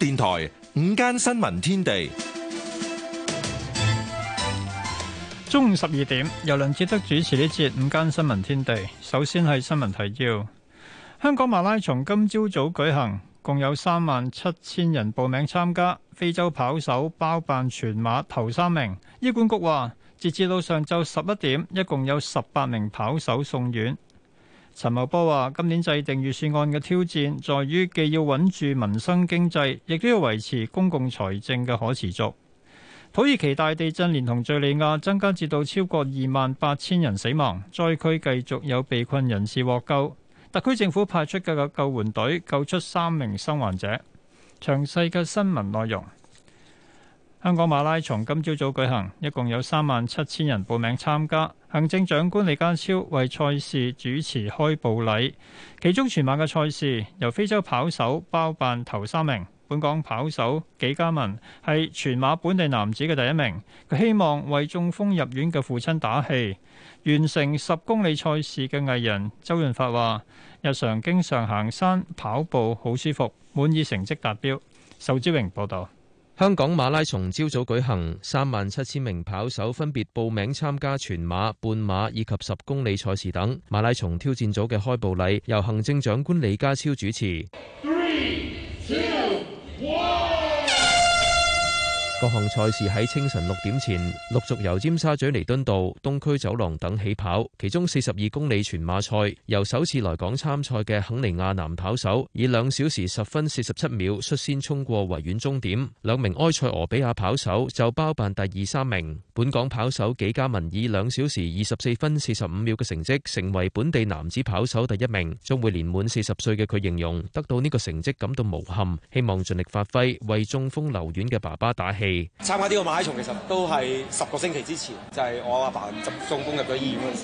電台午間新聞天地，中午十二點由梁智德主持呢節午間新聞天地。首先係新聞提要：香港馬拉松今朝早舉行，共有三萬七千人報名參加。非洲跑手包辦全馬頭三名。醫管局話，截至到上晝十一點，一共有十八名跑手送院。陳茂波話：今年制定預算案嘅挑戰，在於既要穩住民生經濟，亦都要維持公共財政嘅可持續。土耳其大地震連同敘利亞，增加至到超過二萬八千人死亡，災區繼續有被困人士獲救。特區政府派出嘅救援隊救出三名生還者。詳細嘅新聞內容。香港馬拉松今朝早舉行，一共有三萬七千人報名參加。行政長官李家超為賽事主持開步禮。其中全馬嘅賽事由非洲跑手包辦頭三名。本港跑手紀嘉文係全馬本地男子嘅第一名。佢希望為中風入院嘅父親打氣。完成十公里賽事嘅藝人周潤發話：「日常經常行山跑步，好舒服，滿意成績達標。」仇志榮報導。香港馬拉松朝早舉行，三萬七千名跑手分別報名參加全馬、半馬以及十公里賽事等。馬拉松挑戰組嘅開步禮由行政長官李家超主持。Three, 各項賽事喺清晨六點前陸續由尖沙咀彌敦道、東區走廊等起跑。其中四十二公里全馬賽由首次來港參賽嘅肯尼亞男跑手以兩小時十分四十七秒率先衝過維園終點。兩名埃塞俄比亞跑手就包辦第二、三名。本港跑手紀嘉文以兩小時二十四分四十五秒嘅成績成為本地男子跑手第一名。將會年滿四十歲嘅佢形容得到呢個成績感到無憾，希望盡力發揮，為中風留院嘅爸爸打氣。參加呢個馬拉松其實都係十個星期之前，就係、是、我阿爸就中風入咗醫院嗰時，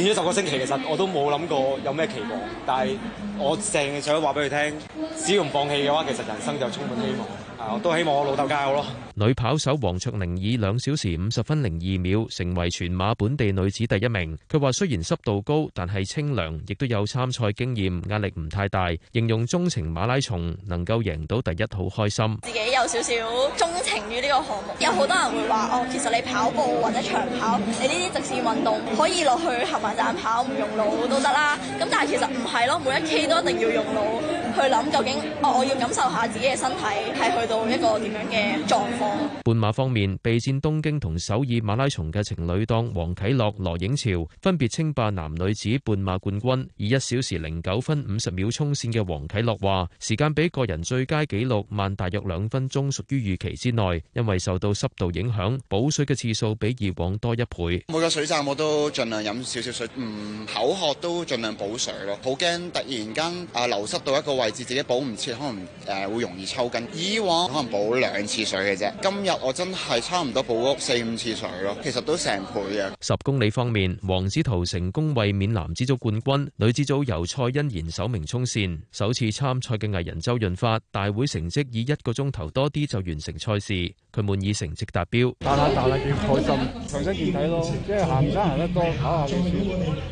練咗十個星期，其實我都冇諗過有咩期望，但係我淨係想話俾佢聽，只要唔放棄嘅話，其實人生就充滿希望。啊！我都希望我老豆教我咯。女跑手黃卓寧以兩小時五十分零二秒成為全馬本地女子第一名。佢話雖然濕度高，但係清涼，亦都有參賽經驗，壓力唔太大。形容鍾情馬拉松，能夠贏到第一好開心。自己有少少鍾情於呢個項目。有好多人會話哦，其實你跑步或者長跑，你呢啲直線運動可以落去合埋站跑，唔用腦都得啦。咁但係其實唔係咯，每一 K 都一定要用腦去諗究竟、哦，我要感受下自己嘅身體係去到一個點樣嘅狀況。半馬方面，備戰東京同首爾馬拉松嘅情侶檔黃啟樂、羅影潮分別稱霸男女子半馬冠軍，以一小時零九分五十秒衝線嘅黃啟樂話，時間比個人最佳紀錄慢大約兩分鐘，屬於預期之內。因為受到濕度影響，補水嘅次數比以往多一倍。每個水站我都儘量飲少少水，唔、嗯、口渴都儘量補水咯。好驚突然間啊流失到一個位置。位置自己補唔切，可能誒會容易抽筋。以往可能補兩次水嘅啫，今日我真係差唔多補四五次水咯。其實都成倍啊！十公里方面，黃子圖成功衛冕男子組冠軍，女子組由蔡欣賢首名衝線。首次參賽嘅藝人周潤發，大會成績以一個鐘頭多啲就完成賽事，佢滿意成績達標。大啦大啦，幾開心，強身健體咯。即係行山行得多，跑下步。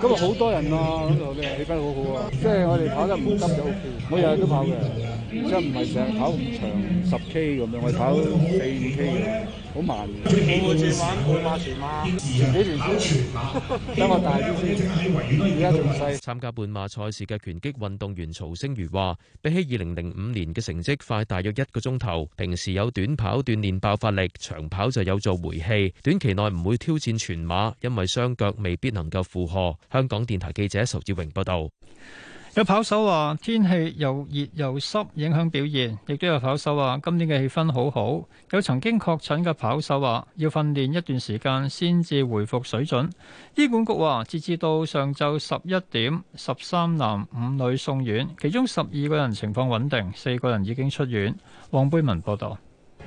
咁啊，好多人啊，嗰度啲氣氛好好啊。即係我哋跑得唔急就好。啊，都跑嘅，即係唔係成日跑咁長十 K 咁樣，我係跑四五 K 嘅，好慢嘅。幾年先全馬？幾年先全馬？等我大啲，依家仲細。參加半馬賽事嘅拳擊運動員曹星如話，比起二零零五年嘅成績快大約一個鐘頭。平時有短跑鍛鍊爆發力，長跑就有做回氣。短期內唔會挑戰全馬，因為雙腳未必能夠負荷。香港電台記者仇志榮報導。有跑手話天氣又熱又濕，影響表現；亦都有跑手話今年嘅氣氛好好。有曾經確診嘅跑手話要訓練一段時間先至回復水準。醫管局話截至到上晝十一點，十三男五女送院，其中十二個人情況穩定，四個人已經出院。黃貝文報道。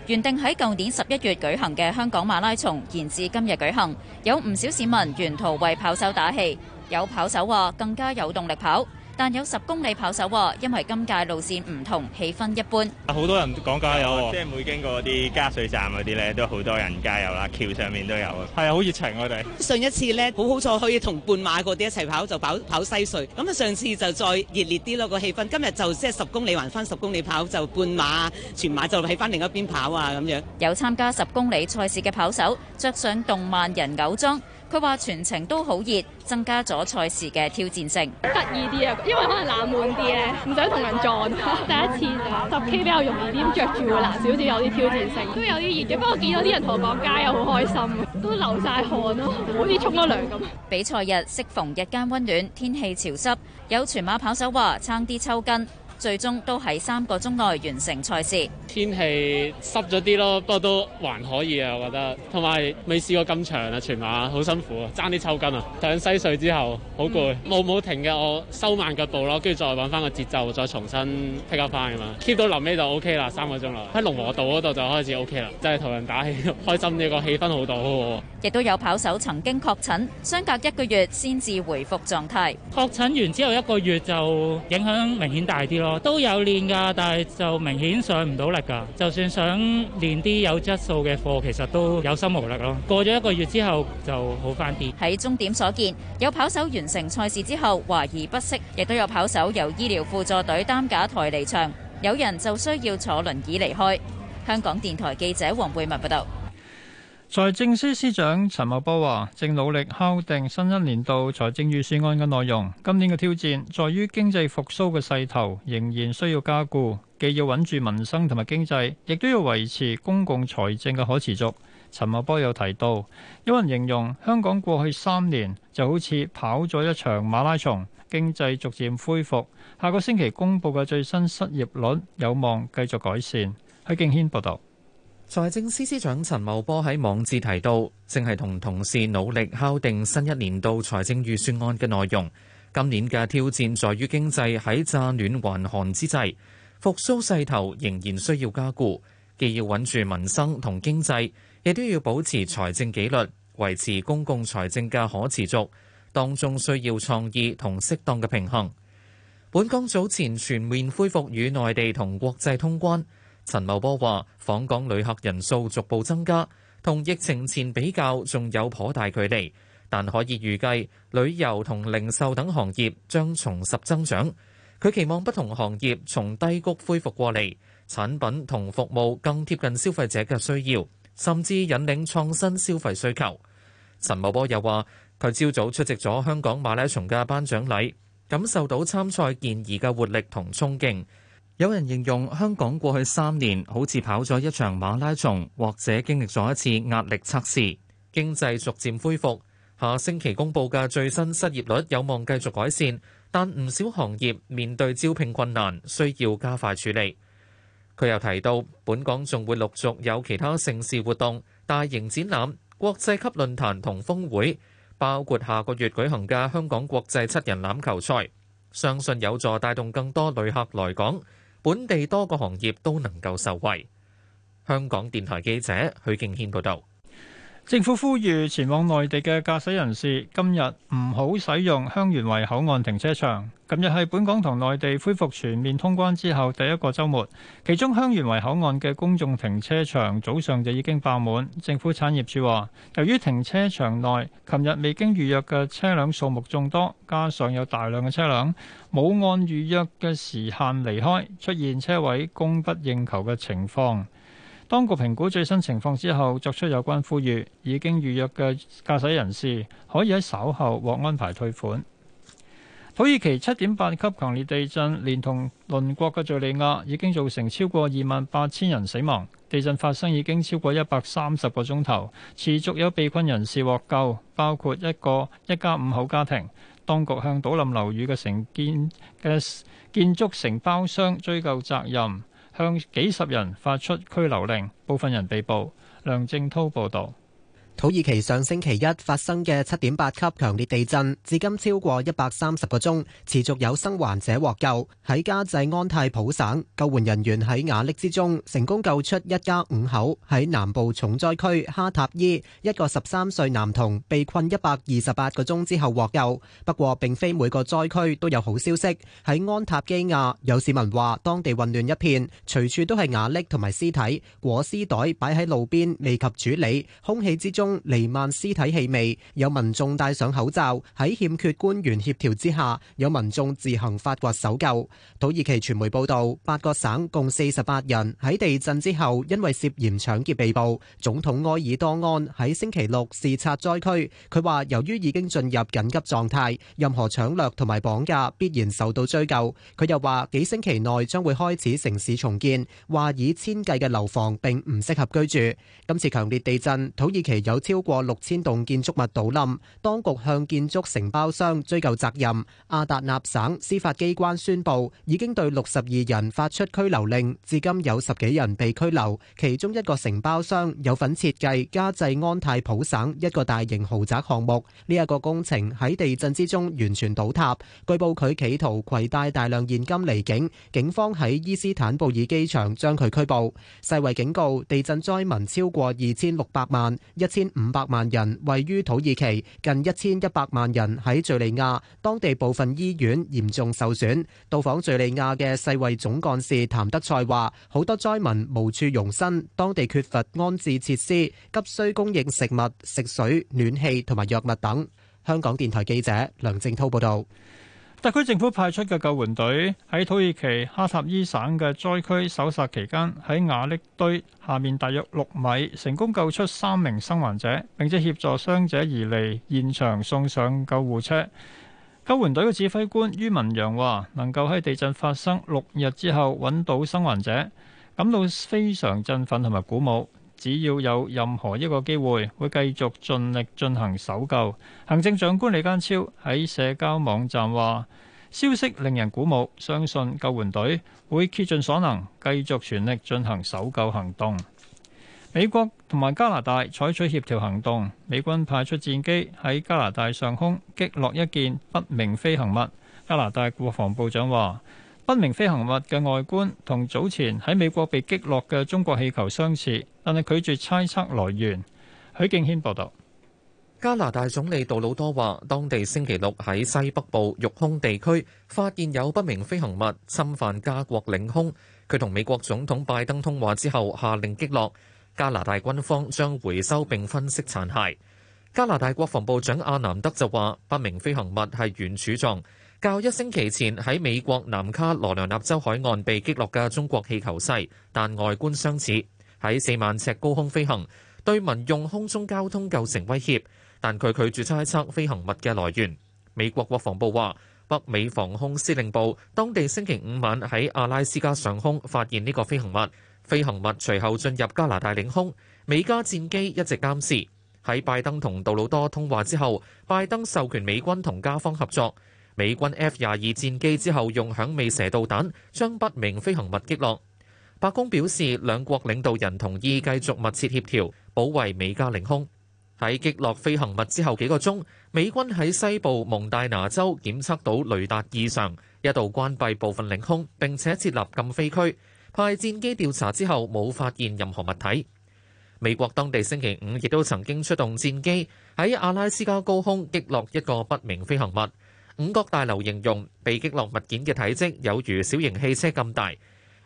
原定喺舊年十一月舉行嘅香港馬拉松延至今日舉行，有唔少市民沿途為跑手打氣。有跑手話更加有動力跑。但有十公里跑手話，因為今屆路線唔同，氣氛一般。好多人講加油，哦、即係每經過啲加水站嗰啲咧，都好多人加油啦。橋上面都有啊，係、嗯、啊，好熱情我哋。上一次咧，好好彩可以同半馬嗰啲一齊跑，就跑跑西隧。咁啊，上次就再熱烈啲咯、那個氣氛。今日就即係、就是、十公里還分，還翻十公里跑就半馬、全馬就喺翻另一邊跑啊咁樣。有參加十公里賽事嘅跑手，着上動漫人偶裝。佢話全程都好熱，增加咗賽事嘅挑戰性。得意啲啊，因為可能冷門啲咧，唔想同人撞。第一次啊，十 K 比較容易啲，着住會難少少，有啲挑戰性。都有啲熱嘅，不過見到啲人同我講街又好開心，都流晒汗咯，好似沖咗涼咁。比賽日適逢日間溫暖，天氣潮濕，有全馬跑手話撐啲抽筋。最終都喺三個鐘內完成賽事。天氣了一。天氣濕咗啲咯，不過都還可以啊，我覺得。同埋未試過咁長啊，全馬好辛苦啊，爭啲抽筋啊。上西隧之後好攰，冇冇、嗯、停嘅，我收慢腳步咯，跟住再揾翻個節奏，再重新劈下翻啊嘛。keep 到臨尾就 OK 啦，三個鐘啦，喺龍和道嗰度就開始 OK 啦，真係同人打氣，開心呢個氣氛好到。亦都有跑手曾經確診，相隔一個月先至回復狀態。確診完之後一個月就影響明顯大啲咯。哦，都有練㗎，但係就明顯上唔到力㗎。就算想練啲有質素嘅課，其實都有心無力咯。過咗一個月之後就好返啲。喺終點所見，有跑手完成賽事之後懷疑不適，亦都有跑手由醫療輔助隊擔架抬離場，有人就需要坐輪椅離開。香港電台記者黃貝文報道。財政司司長陳茂波話，正努力敲定新一年度財政預算案嘅內容。今年嘅挑戰在於經濟復蘇嘅勢頭仍然需要加固，既要穩住民生同埋經濟，亦都要維持公共財政嘅可持續。陳茂波又提到，有人形容香港過去三年就好似跑咗一場馬拉松，經濟逐漸恢復。下個星期公佈嘅最新失業率有望繼續改善。許敬軒報道。財政司司長陳茂波喺網誌提到，正係同同事努力敲定新一年度財政預算案嘅內容。今年嘅挑戰在於經濟喺乍暖還寒之際，復蘇勢頭仍然需要加固，既要穩住民生同經濟，亦都要保持財政紀律，維持公共財政嘅可持續。當中需要創意同適當嘅平衡。本港早前全面恢復與內地同國際通關。陳茂波話：訪港旅客人數逐步增加，同疫情前比較仲有頗大距離，但可以預計旅遊同零售等行業將重拾增長。佢期望不同行業從低谷恢復過嚟，產品同服務更貼近消費者嘅需要，甚至引領創新消費需求。陳茂波又話：佢朝早出席咗香港馬拉松嘅頒獎禮，感受到參賽健兒嘅活力同沖勁。有人形容香港過去三年好似跑咗一場馬拉松或者經歷咗一次壓力測試。經濟逐漸恢復，下星期公布嘅最新失業率有望繼續改善，但唔少行業面對招聘困難，需要加快處理。佢又提到本港仲會陸續有其他盛事活動、大型展覽、國際級論壇同峰會，包括下個月舉行嘅香港國際7本地多個行業都能夠受惠。香港電台記者許敬軒報道，道。政府呼籲前往內地嘅駕駛人士，今日唔好使用香園圍口岸停車場。今日係本港同內地恢復全面通關之後第一個週末，其中香園圍口岸嘅公眾停車場早上就已經爆滿。政府產業處話，由於停車場內琴日未經預約嘅車輛數目眾多，加上有大量嘅車輛冇按預約嘅時限離開，出現車位供不應求嘅情況。當局評估最新情況之後，作出有關呼籲，已經預約嘅駕駛人士可以喺稍後獲安排退款。土耳其七點八級強烈地震連同鄰國嘅敘利亞已經造成超過二萬八千人死亡。地震發生已經超過一百三十個鐘頭，持續有被困人士獲救，包括一個一家五口家庭。當局向倒冧樓宇嘅承建嘅建築承包商追究責任。向幾十人發出拘留令，部分人被捕。梁正濤報導。土耳其上星期一發生嘅七點八級強烈地震，至今超過一百三十個鐘，持續有生還者獲救。喺加濟安泰普省，救援人員喺瓦礫之中成功救出一家五口。喺南部重災區哈塔伊，一個十三歲男童被困一百二十八個鐘之後獲救。不過，並非每個災區都有好消息。喺安塔基亞，有市民話當地混亂一片，隨處都係瓦礫同埋屍體，裹屍袋擺喺路邊未及處理，空氣之中。彌漫屍體氣味，有民眾戴上口罩。喺欠缺官員協調之下，有民眾自行發掘搜救。土耳其傳媒報道，八個省共四十八人喺地震之後因為涉嫌搶劫被捕。總統埃爾多安喺星期六視察災區，佢話由於已經進入緊急狀態，任何搶掠同埋綁架必然受到追究。佢又話幾星期內將會開始城市重建，話以千計嘅樓房並唔適合居住。今次強烈地震，土耳其有超過六千棟建築物倒冧，當局向建築承包商追究責任。阿達納省司法機關宣布，已經對六十二人發出拘留令，至今有十幾人被拘留。其中一個承包商有份設計加濟安泰普省一個大型豪宅項目，呢一個工程喺地震之中完全倒塌。據報佢企圖攜帶大量現金離境，警方喺伊斯坦布爾機場將佢拘捕。世衛警告，地震災民超過二千六百萬，一千，五百萬人位於土耳其，近一千一百萬人喺敘利亞，當地部分醫院嚴重受損。到訪敘利亞嘅世衛總幹事譚德賽話，好多災民無處容身，當地缺乏安置設施，急需供應食物、食水、暖氣同埋藥物等。香港電台記者梁靜濤報道。特區政府派出嘅救援隊喺土耳其哈塔伊省嘅災區搜索期間，喺瓦礫堆下面大約六米成功救出三名生還者，並且協助傷者而嚟現場送上救護車。救援隊嘅指揮官于文陽話，能夠喺地震發生六日之後揾到生還者，感到非常振奮同埋鼓舞。只要有任何一個機會會繼續盡力進行搜救。行政長官李家超喺社交網站話消息令人鼓舞，相信救援隊會竭盡所能，繼續全力進行搜救行動。美國同埋加拿大採取協調行動，美軍派出戰機喺加拿大上空擊落一件不明飛行物。加拿大國防部長話不明飛行物嘅外觀同早前喺美國被擊落嘅中國氣球相似。但係拒絕猜測來源。許敬軒報導，加拿大總理杜魯多話，當地星期六喺西北部育空地區發現有不明飛行物侵犯加國領空。佢同美國總統拜登通話之後，下令擊落。加拿大軍方將回收並分析殘骸。加拿大國防部長阿南德就話：不明飛行物係圓柱狀，較一星期前喺美國南卡羅來納州海岸被擊落嘅中國氣球細，但外觀相似。喺四萬尺高空飛行，對民用空中交通構成威脅，但佢拒絕猜測飛行物嘅來源。美國國防部話，北美防空司令部當地星期五晚喺阿拉斯加上空發現呢個飛行物，飛行物隨後進入加拿大領空。美加戰機一直監視。喺拜登同杜魯多通話之後，拜登授權美軍同加方合作，美軍 F 廿二戰機之後用響尾蛇導彈將不明飛行物擊落。白宮表示，兩國領導人同意繼續密切協調，保衛美加領空。喺擊落飛行物之後幾個鐘，美軍喺西部蒙大拿州檢測到雷達異常，一度關閉部分領空，並且設立禁飛區，派戰機調查之後冇發現任何物體。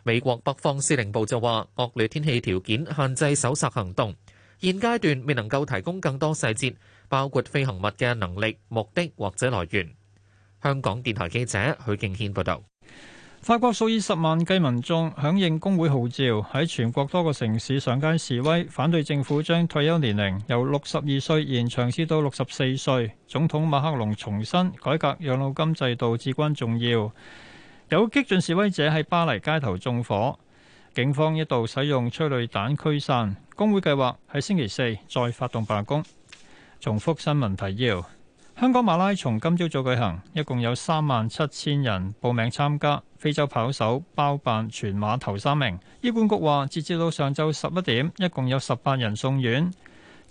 美國北方司令部就話：惡劣天氣條件限制搜查行動，現階段未能夠提供更多細節，包括飛行物嘅能力、目的或者來源。香港電台記者許敬軒報導。法國數以十萬計民眾響應工會號召，喺全國多個城市上街示威，反對政府將退休年齡由六十二歲延長至到六十四歲。總統馬克龍重申，改革養老金制度至關重要。有激進示威者喺巴黎街頭縱火，警方一度使用催淚彈驅散。工會計劃喺星期四再發動罷工。重複新聞提要：香港馬拉松今朝早舉行，一共有三萬七千人報名參加。非洲跑手包辦全馬頭三名。醫管局話，截至到上晝十一點，一共有十八人送院。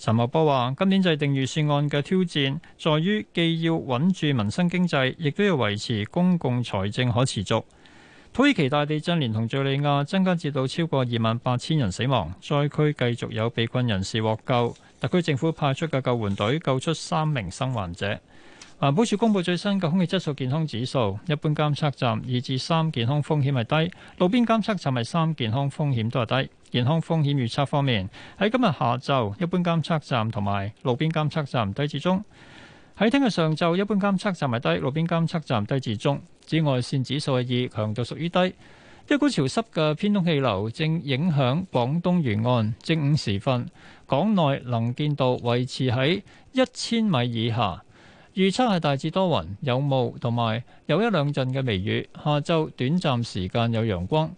陳茂波話：今年制定預算案嘅挑戰，在於既要穩住民生經濟，亦都要維持公共財政可持續。土耳其大地震連同敘利亞增加至到超過二萬八千人死亡，災區繼續有被困人士獲救，特區政府派出嘅救援隊救出三名生還者。環保署公布最新嘅空氣質素健康指數，一般監測站二至三健康風險係低，路邊監測站係三健康風險都係低。健康風險預測方面，喺今日下晝，一般監測站同埋路邊監測站低至中；喺聽日上晝，一般監測站係低，路邊監測站低至中。紫外線指數係二，強度屬於低。一股潮濕嘅偏東氣流正影響廣東沿岸，正午時分，港內能見度維持喺一千米以下。預測係大致多雲，有霧，同埋有，有一兩陣嘅微雨。下晝短暫時間有陽光，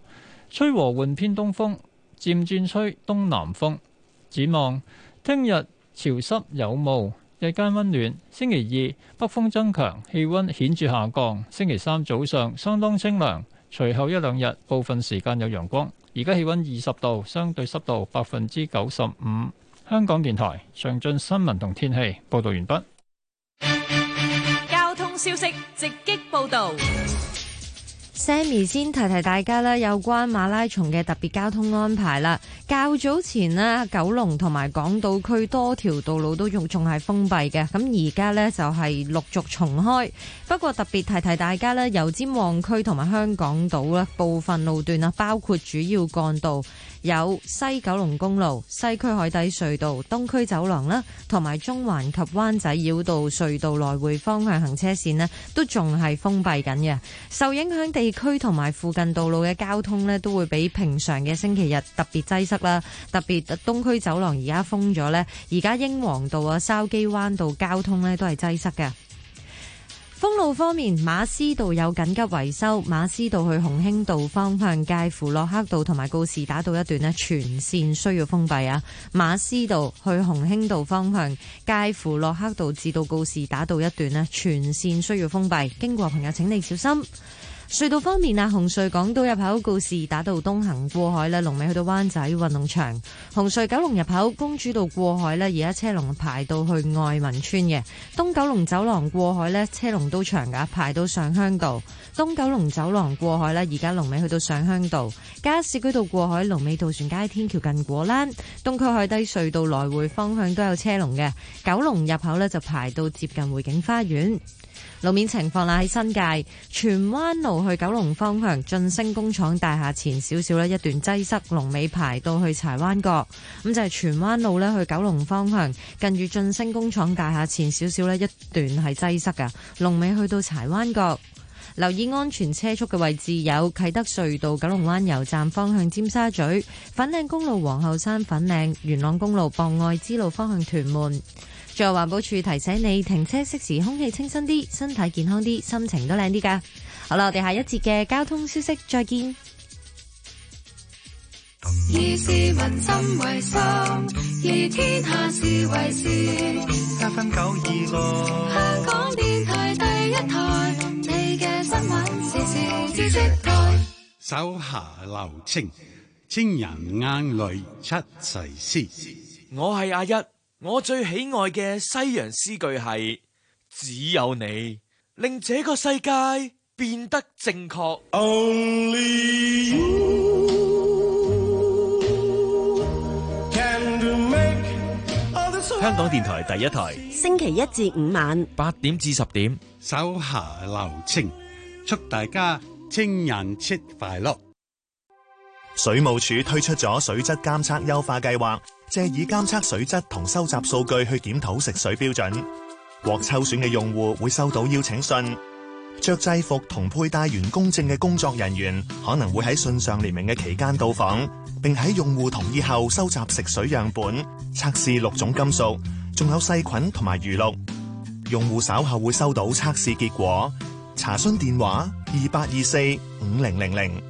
吹和緩偏東風，漸轉吹東南風。展望聽日潮濕有霧，日間溫暖。星期二北風增強，氣溫顯著下降。星期三早上相當清涼，隨後一兩日部分時間有陽光。而家氣溫二十度，相對濕度百分之九十五。香港電台上進新聞同天氣報道完畢。消息直擊報道，Sammy 先提提大家啦，有關馬拉松嘅特別交通安排啦。較早前呢九龍同埋港島區多條道路都仲仲係封閉嘅，咁而家呢就係陸續重開。不過特別提提大家咧，油尖旺區同埋香港島部分路段啊，包括主要幹道。有西九龍公路、西區海底隧道、東區走廊啦，同埋中環及灣仔繞道隧道來回方向行車線呢，都仲係封閉緊嘅。受影響地區同埋附近道路嘅交通呢，都會比平常嘅星期日特別擠塞啦。特別東區走廊而家封咗呢，而家英皇道啊、筲箕灣道交通呢，都係擠塞嘅。封路方面，馬師道有緊急維修，馬師道去紅興道方向介乎洛克道同埋告士打道一段咧，全線需要封閉啊！馬師道去紅興道方向介乎洛克道至到告士打道一段咧，全線需要封閉，經過朋友請你小心。隧道方面啊，紅隧港島入口告士打道東行過海呢龍尾去到灣仔運動場；紅隧九龍入口公主道過海呢而家車龍排到去愛民村嘅，東九龍走廊過海呢車龍都長噶，排到上鄉道；東九龍走廊過海呢而家龍尾去到上鄉道；加士居道過海龍尾到渡船街天橋近果欄；東區海底隧道來回方向都有車龍嘅九龍入口呢，就排到接近匯景花園。路面情況啦，喺新界荃灣路去九龍方向，晉升工廠大廈前少少呢一段擠塞，龍尾排到去柴灣角。咁就係荃灣路呢去九龍方向，近住晉升工廠大廈前少少呢一段係擠塞嘅，龍尾去到柴灣角。留意安全車速嘅位置有啟德隧道九龍灣油站方向尖沙咀、粉嶺公路皇后山粉嶺、元朗公路博愛之路方向屯門。做環保處提醒你停車熄匙，空氣清新啲，身體健康啲，心情都靚啲噶。好啦，我哋下一節嘅交通消息再見。以市民心為心，以天下事為事。加分九二，香港電台第一台，你嘅新聞時事知識台。手下留情，情人眼淚出細絲。我係阿一。我最喜愛嘅西洋詩句係，只有你令這個世界變得正確。Only you 香港電台第一台，星期一至五晚八點至十點，手下留情，祝大家情人節快樂。水務署推出咗水質監測優化計劃。借以監測水質同收集數據去檢討食水標準，獲抽選嘅用戶會收到邀請信。着制服同佩戴員工證嘅工作人員可能會喺信上列明嘅期間到訪，並喺用戶同意後收集食水樣本，測試六種金屬，仲有細菌同埋餘氯。用戶稍後會收到測試結果。查詢電話：二八二四五零零零。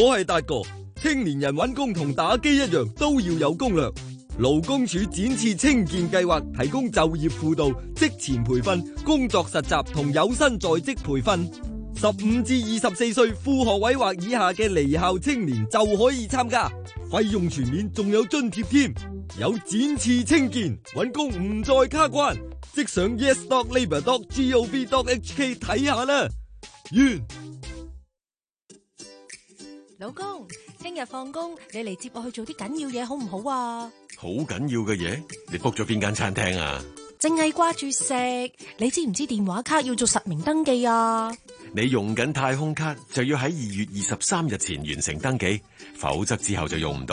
我係達哥。青年人揾工同打機一樣，都要有攻略。勞工處展翅青見計劃提供就業輔導、職前培訓、工作實習同有薪在職培訓。十五至二十四歲副學位或以下嘅離校青年就可以參加，費用全免，仲有津貼添。有展翅青見揾工唔再卡關，即上 Yes Dock Labour Dock gov Dock HK 睇下啦。完，老公。聽日放工，你嚟接我去做啲緊要嘢好唔好啊？好緊要嘅嘢，你 book 咗邊間餐廳啊？淨係掛住食，你知唔知電話卡要做實名登記啊？你用緊太空卡就要喺二月二十三日前完成登記，否則之後就用唔到。